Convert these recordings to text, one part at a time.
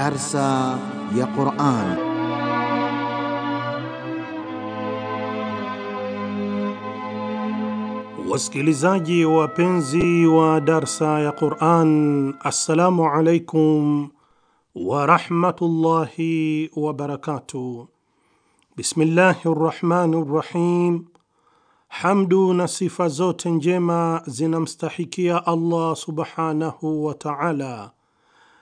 Darsa ya Quran. Wasikilizaji wapenzi wa darsa ya Quran, assalamu alaikum wa wabarakatuh bismillahi barakatuh. Bismillahir rahim. Hamdu na sifa zote njema zinamstahikia Allah subhanahu wa ta'ala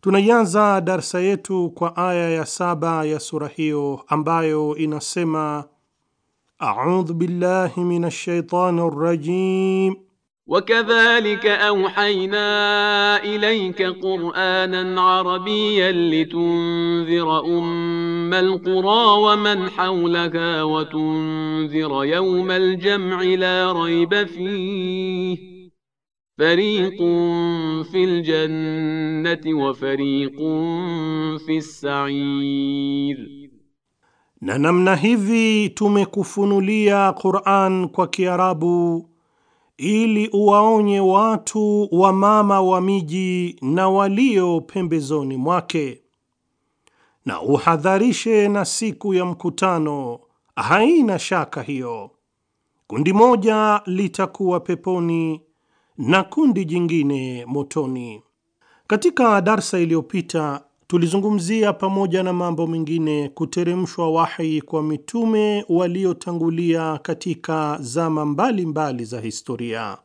Tunaianza darsa yetu kwa aya ya saba ya sura hiyo ambayo inasema: audhu billahi minash shaitani rajim wakadhalika auhayna ilayka qur'anan arabiyyan litunzira ummal qura wa man hawlaha wa tunzira yawmal jam'i la rayba fihi Fariqun fil jannati wa fariqun fis sa'ir, na namna hivi tumekufunulia Qur'an kwa Kiarabu ili uwaonye watu wa mama wa miji na walio pembezoni mwake, na uhadharishe na siku ya mkutano. Haina shaka hiyo, kundi moja litakuwa peponi na kundi jingine motoni. Katika darsa iliyopita tulizungumzia pamoja na mambo mengine kuteremshwa wahi kwa mitume waliotangulia katika zama mbalimbali mbali za historia.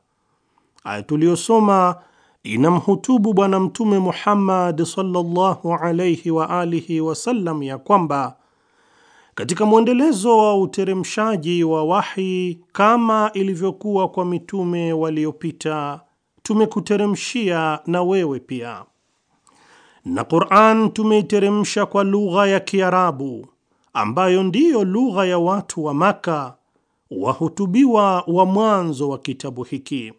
Aya tuliyosoma inamhutubu Bwana Mtume Muhammad sallallahu alayhi wa alihi wasallam ya kwamba katika mwendelezo wa uteremshaji wa wahi, kama ilivyokuwa kwa mitume waliopita, tumekuteremshia na wewe pia, na Qur'an tumeiteremsha kwa lugha ya Kiarabu ambayo ndiyo lugha ya watu wa Maka, wahutubiwa wa mwanzo wa kitabu hiki.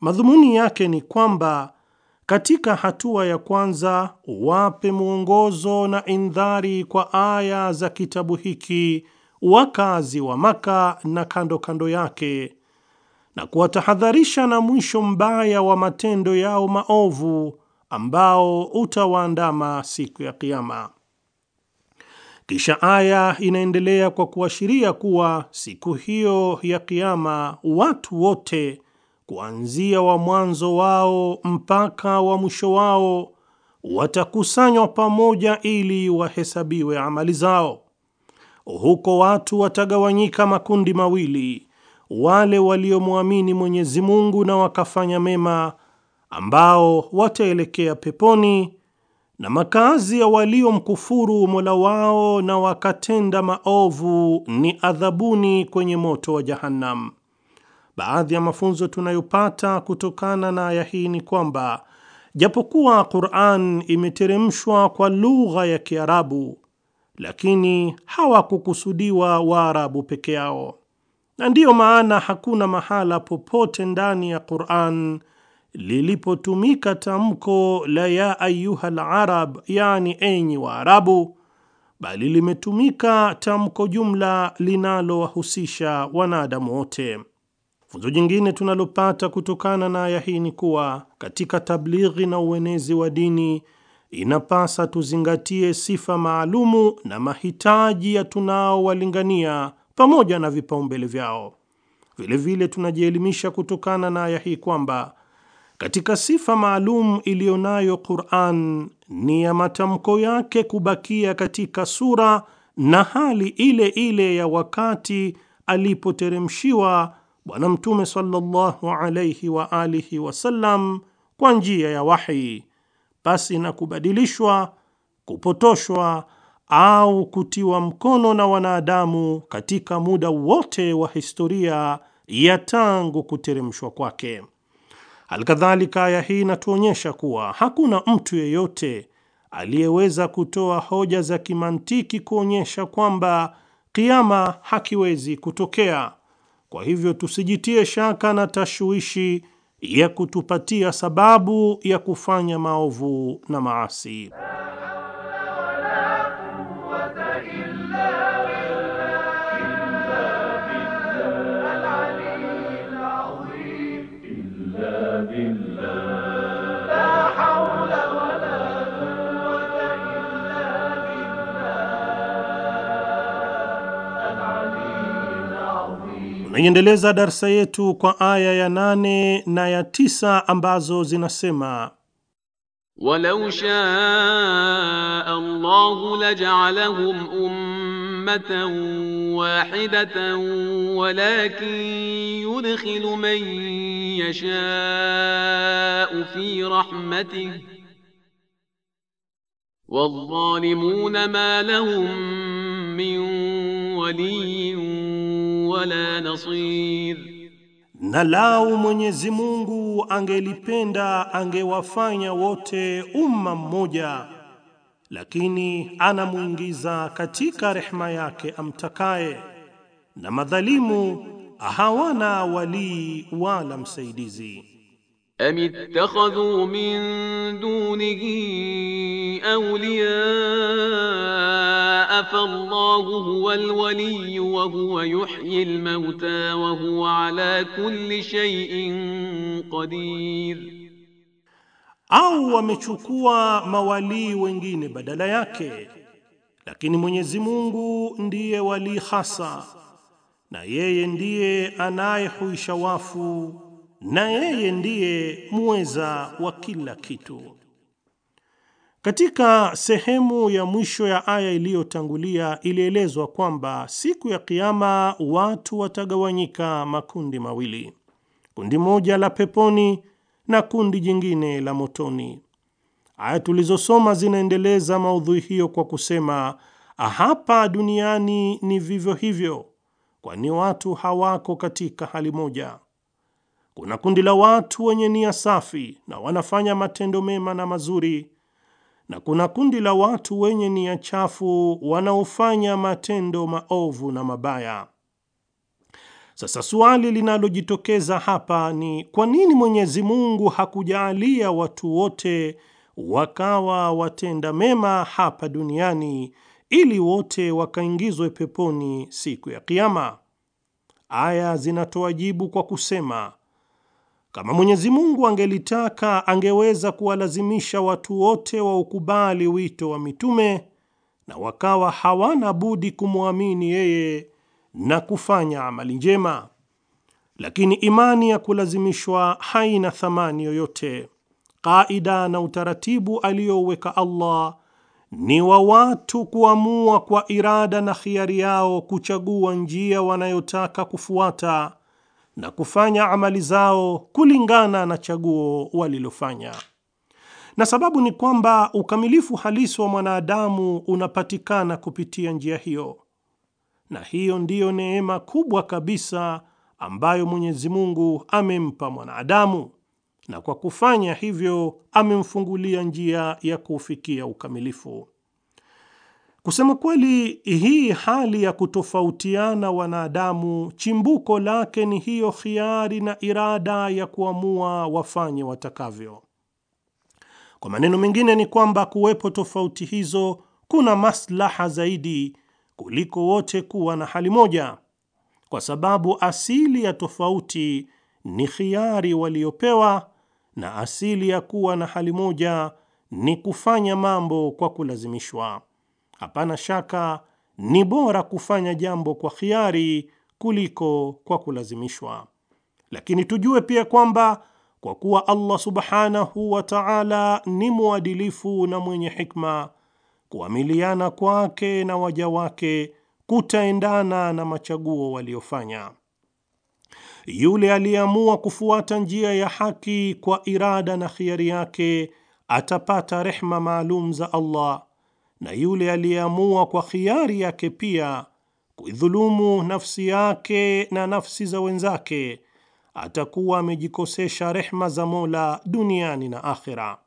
Madhumuni yake ni kwamba katika hatua ya kwanza, wape mwongozo na indhari kwa aya za kitabu hiki wakazi wa Maka na kando kando yake, na kuwatahadharisha na mwisho mbaya wa matendo yao maovu ambao utawaandama siku ya Kiama. Kisha aya inaendelea kwa kuashiria kuwa siku hiyo ya Kiama watu wote kuanzia wa mwanzo wao mpaka wa mwisho wao watakusanywa pamoja ili wahesabiwe amali zao. Huko watu watagawanyika makundi mawili, wale waliomwamini Mwenyezi Mungu na wakafanya mema, ambao wataelekea peponi, na makazi ya waliomkufuru Mola wao na wakatenda maovu ni adhabuni kwenye moto wa Jahannam. Baadhi ya mafunzo tunayopata kutokana na aya hii ni kwamba japokuwa Qur'an imeteremshwa kwa lugha ya Kiarabu, lakini hawakukusudiwa Waarabu peke yao, na ndiyo maana hakuna mahala popote ndani ya Qur'an lilipotumika tamko la ya ayyuhal arab, yani enyi Waarabu, bali limetumika tamko jumla linalowahusisha wanadamu wote. Funzo jingine tunalopata kutokana na aya hii ni kuwa katika tablighi na uenezi wa dini inapasa tuzingatie sifa maalumu na mahitaji ya tunaowalingania pamoja na vipaumbele vyao. Vilevile vile tunajielimisha kutokana na aya hii kwamba katika sifa maalum iliyo nayo Qur'an ni ya matamko yake kubakia katika sura na hali ile ile ya wakati alipoteremshiwa Bwana Mtume sallallahu alayhi wa alihi wasallam kwa njia ya wahi, basi na kubadilishwa, kupotoshwa au kutiwa mkono na wanadamu katika muda wote wa historia ya tangu kuteremshwa kwake. Alkadhalika, aya hii inatuonyesha kuwa hakuna mtu yeyote aliyeweza kutoa hoja za kimantiki kuonyesha kwamba kiama hakiwezi kutokea kwa hivyo tusijitie shaka na tashwishi ya kutupatia sababu ya kufanya maovu na maasi. Tumeiendeleza darsa yetu kwa aya ya nane na ya tisa ambazo zinasema walau shaa Allahu laj'alahum ummatan wahidatan walakin yudkhilu man yasha'u fi rahmatihi wadh ma lahum min waliy wala nasir. Na lau Mwenyezi Mungu angelipenda angewafanya wote umma mmoja, lakini anamwingiza katika rehema yake amtakaye, na madhalimu hawana walii wala msaidizi. am ittakhadhu min dunihi awliya فالله هو الولي وهو يحيي الموتى وهو ala kulli shay'in qadir, au wamechukua mawalii wengine badala yake, lakini Mwenyezi Mungu ndiye wali hasa, na yeye ndiye anayehuisha wafu, na yeye ndiye muweza wa kila kitu. Katika sehemu ya mwisho ya aya iliyotangulia ilielezwa kwamba siku ya Kiama watu watagawanyika makundi mawili, kundi moja la peponi na kundi jingine la motoni. Aya tulizosoma zinaendeleza maudhui hiyo kwa kusema hapa duniani ni vivyo hivyo, kwani watu hawako katika hali moja. Kuna kundi la watu wenye nia safi na wanafanya matendo mema na mazuri na kuna kundi la watu wenye nia chafu wanaofanya matendo maovu na mabaya. Sasa suali linalojitokeza hapa ni kwa nini Mwenyezi Mungu hakujaalia watu wote wakawa watenda mema hapa duniani ili wote wakaingizwe peponi siku ya Kiama? Aya zinatoa jibu kwa kusema kama Mwenyezi Mungu angelitaka angeweza kuwalazimisha watu wote waukubali wito wa mitume na wakawa hawana budi kumwamini yeye na kufanya amali njema, lakini imani ya kulazimishwa haina thamani yoyote. Kaida na utaratibu aliyoweka Allah ni wa watu kuamua kwa irada na khiari yao kuchagua njia wanayotaka kufuata na kufanya amali zao kulingana na chaguo walilofanya. Na sababu ni kwamba ukamilifu halisi wa mwanadamu unapatikana kupitia njia hiyo, na hiyo ndiyo neema kubwa kabisa ambayo Mwenyezi Mungu amempa mwanadamu, na kwa kufanya hivyo amemfungulia njia ya kufikia ukamilifu. Kusema kweli, hii hali ya kutofautiana wanadamu chimbuko lake ni hiyo khiari na irada ya kuamua wafanye watakavyo. Kwa maneno mengine, ni kwamba kuwepo tofauti hizo kuna maslaha zaidi kuliko wote kuwa na hali moja, kwa sababu asili ya tofauti ni khiari waliopewa, na asili ya kuwa na hali moja ni kufanya mambo kwa kulazimishwa. Hapana shaka ni bora kufanya jambo kwa khiari kuliko kwa kulazimishwa, lakini tujue pia kwamba kwa kuwa Allah subhanahu wa ta'ala ni mwadilifu na mwenye hikma, kuamiliana kwake na waja wake kutaendana na machaguo waliofanya. Yule aliyeamua kufuata njia ya haki kwa irada na khiari yake atapata rehma maalum za Allah na yule aliyeamua kwa khiari yake pia kuidhulumu nafsi yake na nafsi za wenzake atakuwa amejikosesha rehma za Mola duniani na akhera.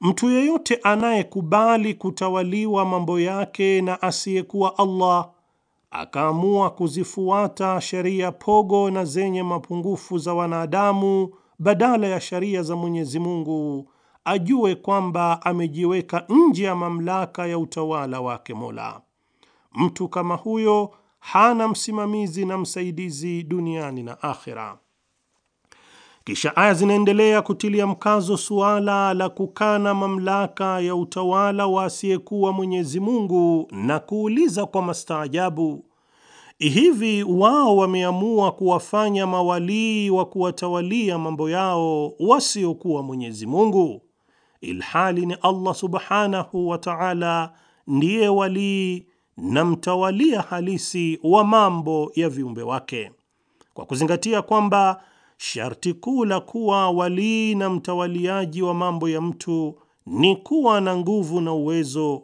Mtu yeyote anayekubali kutawaliwa mambo yake na asiyekuwa Allah akaamua kuzifuata sheria pogo na zenye mapungufu za wanadamu badala ya sheria za Mwenyezi Mungu ajue kwamba amejiweka nje ya mamlaka ya utawala wake Mola. Mtu kama huyo hana msimamizi na msaidizi duniani na akhera. Kisha aya zinaendelea kutilia mkazo suala la kukana mamlaka ya utawala wa asiyekuwa Mwenyezi Mungu na kuuliza kwa mastaajabu, hivi wao wameamua kuwafanya mawalii wa kuwatawalia mambo yao wasiokuwa Mwenyezi Mungu? ilhali ni Allah subhanahu wa ta'ala ndiye walii na mtawalia halisi wa mambo ya viumbe wake, kwa kuzingatia kwamba sharti kuu la kuwa walii na mtawaliaji wa mambo ya mtu ni kuwa na nguvu na uwezo,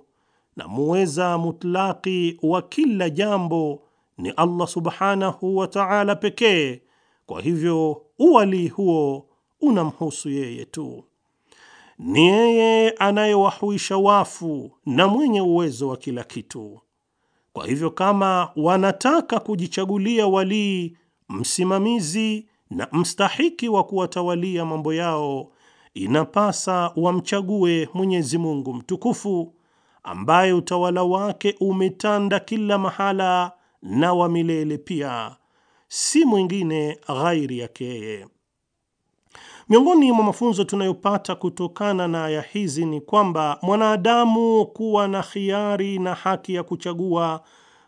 na muweza mutlaki wa kila jambo ni Allah subhanahu wa ta'ala pekee. Kwa hivyo uwalii huo unamhusu yeye tu. Ni yeye anayewahuisha wafu na mwenye uwezo wa kila kitu. Kwa hivyo, kama wanataka kujichagulia walii, msimamizi na mstahiki wa kuwatawalia mambo yao, inapasa wamchague Mwenyezi Mungu mtukufu ambaye utawala wake umetanda kila mahala na wa milele pia, si mwingine ghairi yake yeye. Miongoni mwa mafunzo tunayopata kutokana na aya hizi ni kwamba mwanadamu kuwa na khiari na haki ya kuchagua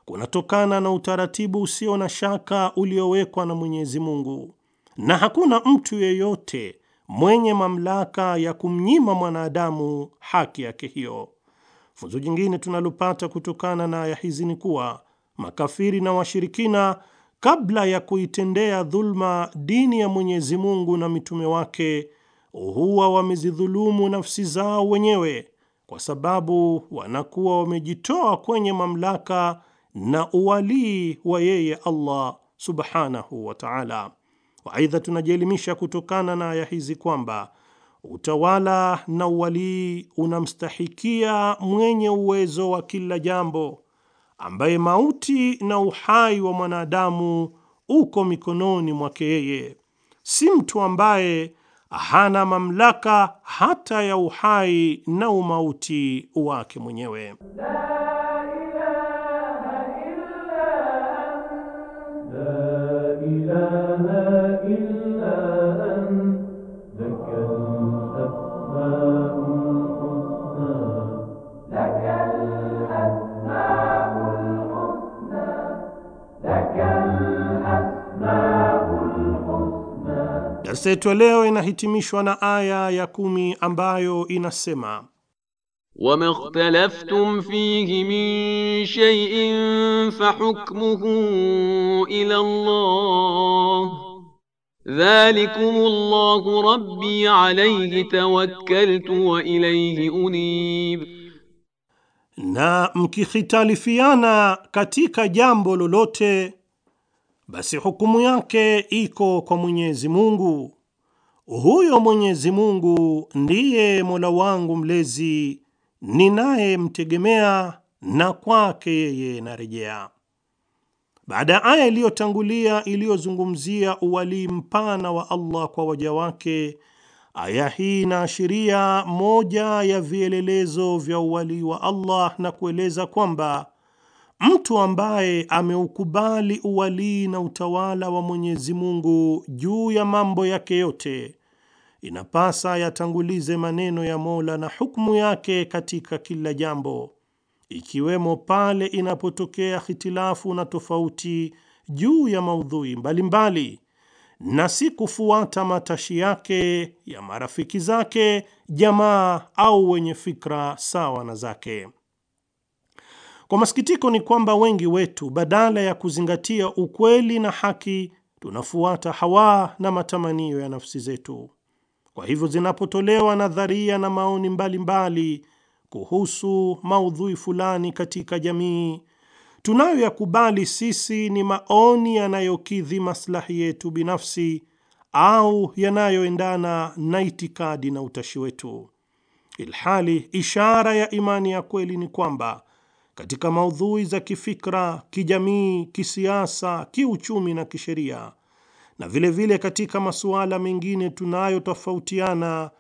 kunatokana na utaratibu usio na shaka uliowekwa na Mwenyezi Mungu, na hakuna mtu yeyote mwenye mamlaka ya kumnyima mwanadamu haki yake hiyo. Funzo jingine tunalopata kutokana na aya hizi ni kuwa makafiri na washirikina kabla ya kuitendea dhulma dini ya Mwenyezi Mungu na mitume wake, huwa wamezidhulumu nafsi zao wenyewe, kwa sababu wanakuwa wamejitoa kwenye mamlaka na uwalii wa yeye Allah subhanahu wa ta'ala. Waaidha, tunajielimisha kutokana na aya hizi kwamba utawala na uwalii unamstahikia mwenye uwezo wa kila jambo ambaye mauti na uhai wa mwanadamu uko mikononi mwake yeye, si mtu ambaye hana mamlaka hata ya uhai na umauti wake mwenyewe. Darsa yetu ya leo inahitimishwa na aya ya kumi ambayo inasema wama ikhtalaftum fihi min shay'in fahukmuhu ila Allah dhalikum dhalikumullahu rabbi alayhi tawakkaltu wa ilayhi unib, na mkikhitalifiana katika jambo lolote, basi hukumu yake iko kwa Mwenyezi Mungu huyo Mwenyezi Mungu ndiye Mola wangu mlezi, ninayemtegemea na kwake yeye narejea. Baada ya aya iliyotangulia iliyozungumzia uwalii mpana wa Allah kwa waja wake, aya hii inaashiria moja ya vielelezo vya uwalii wa Allah na kueleza kwamba mtu ambaye ameukubali uwalii na utawala wa Mwenyezi Mungu juu ya mambo yake yote, inapasa yatangulize maneno ya Mola na hukumu yake katika kila jambo, ikiwemo pale inapotokea hitilafu na tofauti juu ya maudhui mbalimbali mbali, na si kufuata matashi yake ya marafiki zake, jamaa au wenye fikra sawa na zake. Kwa masikitiko ni kwamba wengi wetu badala ya kuzingatia ukweli na haki, tunafuata hawa na matamanio ya nafsi zetu. Kwa hivyo, zinapotolewa nadharia na maoni mbalimbali mbali kuhusu maudhui fulani katika jamii, tunayoyakubali sisi ni maoni yanayokidhi maslahi yetu binafsi au yanayoendana na itikadi na utashi wetu, ilhali ishara ya imani ya kweli ni kwamba katika maudhui za kifikra, kijamii, kisiasa, kiuchumi na kisheria, na vile vile katika masuala mengine tunayotofautiana,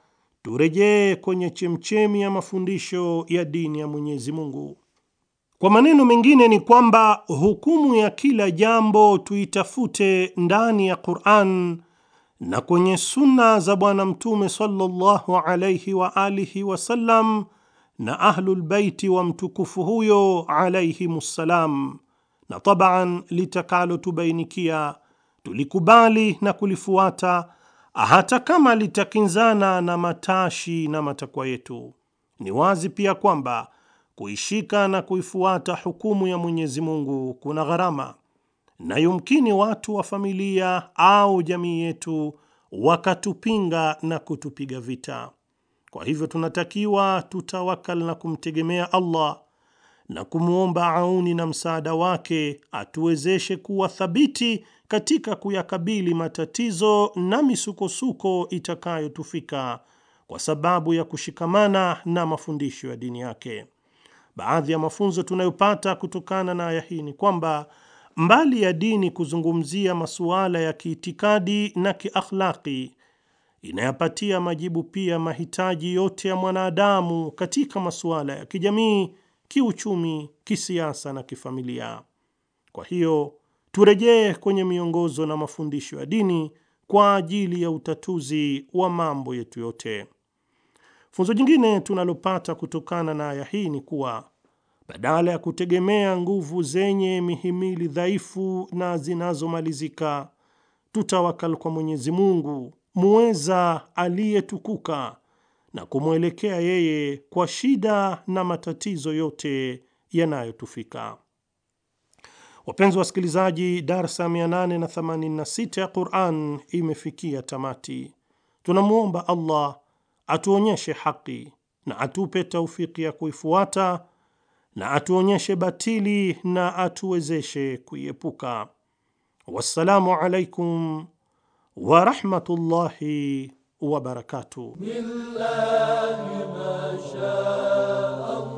turejee kwenye chemchemi ya mafundisho ya dini ya Mwenyezi Mungu. Kwa maneno mengine ni kwamba hukumu ya kila jambo tuitafute ndani ya Qur'an na kwenye sunna za Bwana Mtume sallallahu alayhi wa alihi wasallam na ahlulbaiti wa mtukufu huyo alaihimussalam, na tabaan litakalotubainikia tulikubali na kulifuata hata kama litakinzana na matashi na matakwa yetu. Ni wazi pia kwamba kuishika na kuifuata hukumu ya Mwenyezi Mungu kuna gharama, na yumkini watu wa familia au jamii yetu wakatupinga na kutupiga vita. Kwa hivyo tunatakiwa tutawakal na kumtegemea Allah na kumwomba auni na msaada wake atuwezeshe kuwa thabiti katika kuyakabili matatizo na misukosuko itakayotufika kwa sababu ya kushikamana na mafundisho ya dini yake. Baadhi ya mafunzo tunayopata kutokana na aya hii ni kwamba mbali ya dini kuzungumzia masuala ya kiitikadi na kiakhlaki inayapatia majibu pia mahitaji yote ya mwanadamu katika masuala ya kijamii, kiuchumi, kisiasa na kifamilia. Kwa hiyo turejee kwenye miongozo na mafundisho ya dini kwa ajili ya utatuzi wa mambo yetu yote. Funzo jingine tunalopata kutokana na aya hii ni kuwa badala ya kutegemea nguvu zenye mihimili dhaifu na zinazomalizika, tutawakal kwa Mwenyezi Mungu muweza aliyetukuka na kumwelekea yeye kwa shida na matatizo yote yanayotufika. Wapenzi wasikilizaji, darsa 886 ya Qur'an imefikia tamati. Tunamwomba Allah atuonyeshe haki na atupe taufiki ya kuifuata na atuonyeshe batili na atuwezeshe kuiepuka. Wassalamu alaikum ورحمة الله وبركاته بالله ما شاء الله